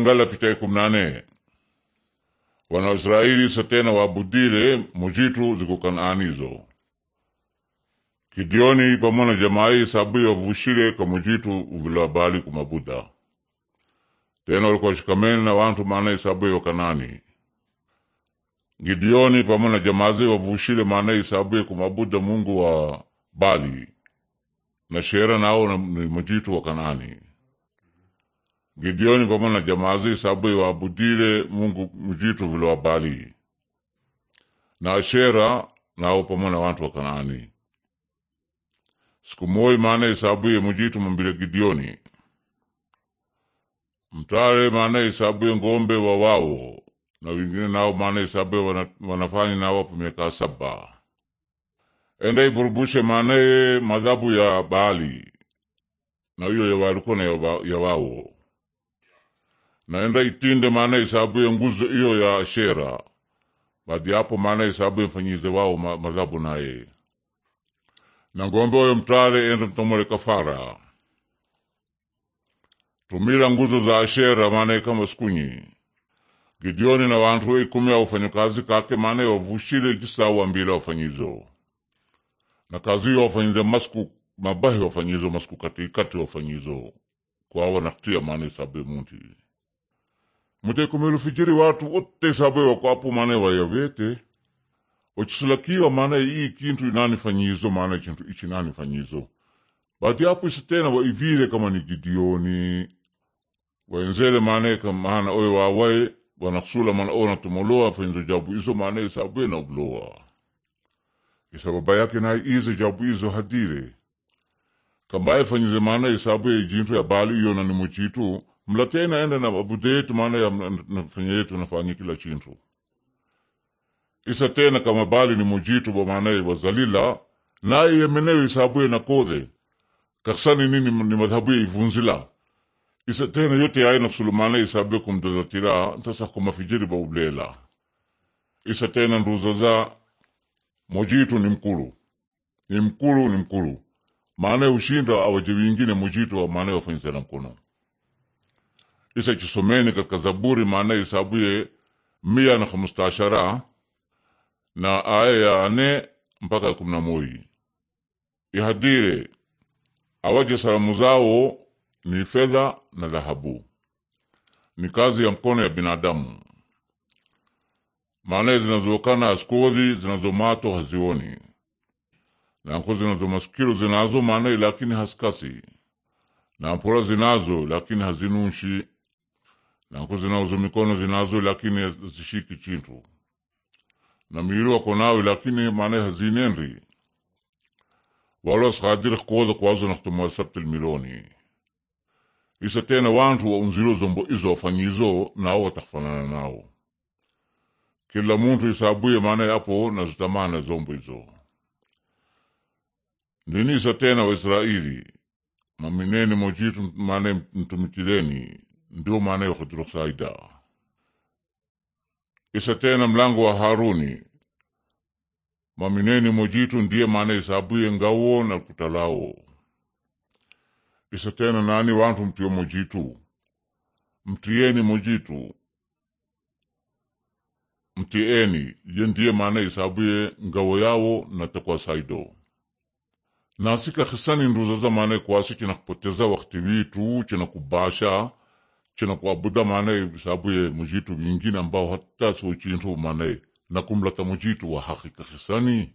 ngala kitae kumi nane wanaisraili satena wabudile mujitu ziku kanaanizo kidioni pamona jamai sabuyi wavushile kamujitu uvilabali kumabuda tena shikamene na wantu maanayi ya Kanani. gidioni pamona jamazi wavushile maanayi ya kumabuda mungu wa bali na shera nao ni mujitu wa kanani Gideoni pamo na jamaazi sababu wabudile Mungu mjitu vile wabali na Ashera nao pamo na wantu wa Kanaani. Siku moyi maana isabuye mujitu mambile Gideoni mtare isabu isabuye ngombe wa wawo na wingine nao maana isabu wana, wanafanyi nao hapo miaka saba enda iburubushe maanaye madhabu ya Baali na hiyo yawalikuwa na ya wao naenda itinde maana isabu ya nguzo iyo ya ashera badi apo maana isabu mfanyize wao madhabu naye na ngombe oyo mtare ende mtomole kafara tumila nguzo za ashera maana kama sikunyi Gideoni na wantu we ikumi a kazi kake maana wavushile jisawa mbili wafanyizo na kazi hiyo wafanyize masku mabahi wafanyizo masku katikati wafanyizo kwawanaktia maana isabu muti mutekomelufikiri watu wote sababu wakwapo maana wayawete ochisulakiwa mane ii kintu inani fanyizo mane chintu ichi fanyizo bati apo isi tena waivile kama ni Gidioni waenzele maana maana oyo wawaye wanaksula mana ona tumoloa fanyizo jabu izo mane sabwe na ubloa isa baba yake naye ize jabu izo hadire kambaye fanyize maana isabu jintu ya bali iyo na ni muchitu mlatia inaenda na abude yetu maana ya nafanya yetu nafanya kila chintu isa tena kama bali ni mujitu ba maana ya wazalila naye yemeneyo isabuye na kodhe kaksani nini ni madhabu ya ivunzila isa tena yote aina sulumana isabuye kumdazatira ntasa kumafijiri ba ublela isa tena nduzaza mujitu ni mkulu ni mkulu ni mkulu maana ya ushinda awaje wingine mujitu wa maana ya wafanyisana mkono isa chisomeni katika Zaburi maana isabuye mia na hamsatashara na aya ya ane mpaka ya kumi na moyi ihadire awaje salamu zao ni fedha na dhahabu ni kazi ya mkono ya binadamu maana zinazokana asikozi zinazomato hazioni nanko zinazomasikilo zinazo maana lakini hasikasi na mpora zinazo lakini hazinunshi nanku zinauzo mikono zinazo lakini zishiki chintu na miiri wako nawe lakini maana hazinendi walos khadiri kuoza kwazo naktumoasabtil miloni isa tena wantu wa unziro zombo izo wafanyizo nao watafanana nao kila muntu isabuye maana apo nazitamana zombo izo ndini isa tena waisraeli mamineni mojitu maana mtumikileni ndio maana ya khudruksaida isa tena mlango wa haruni mamineni mojitu ndiye maana isabuye ngawo na kutalao isa tena nani wantu mtiye mojitu mtiyeni mojitu mtieni ye ndiye maana isabuye ngawo yawo na takwa saido nasika hisani nduzaza maana kwasi kupoteza wakti witu chinakubasha china kuabuda manaye sababu ye mujitu mingine ambao hata so chintu na kumlata mujitu wa hakika hisani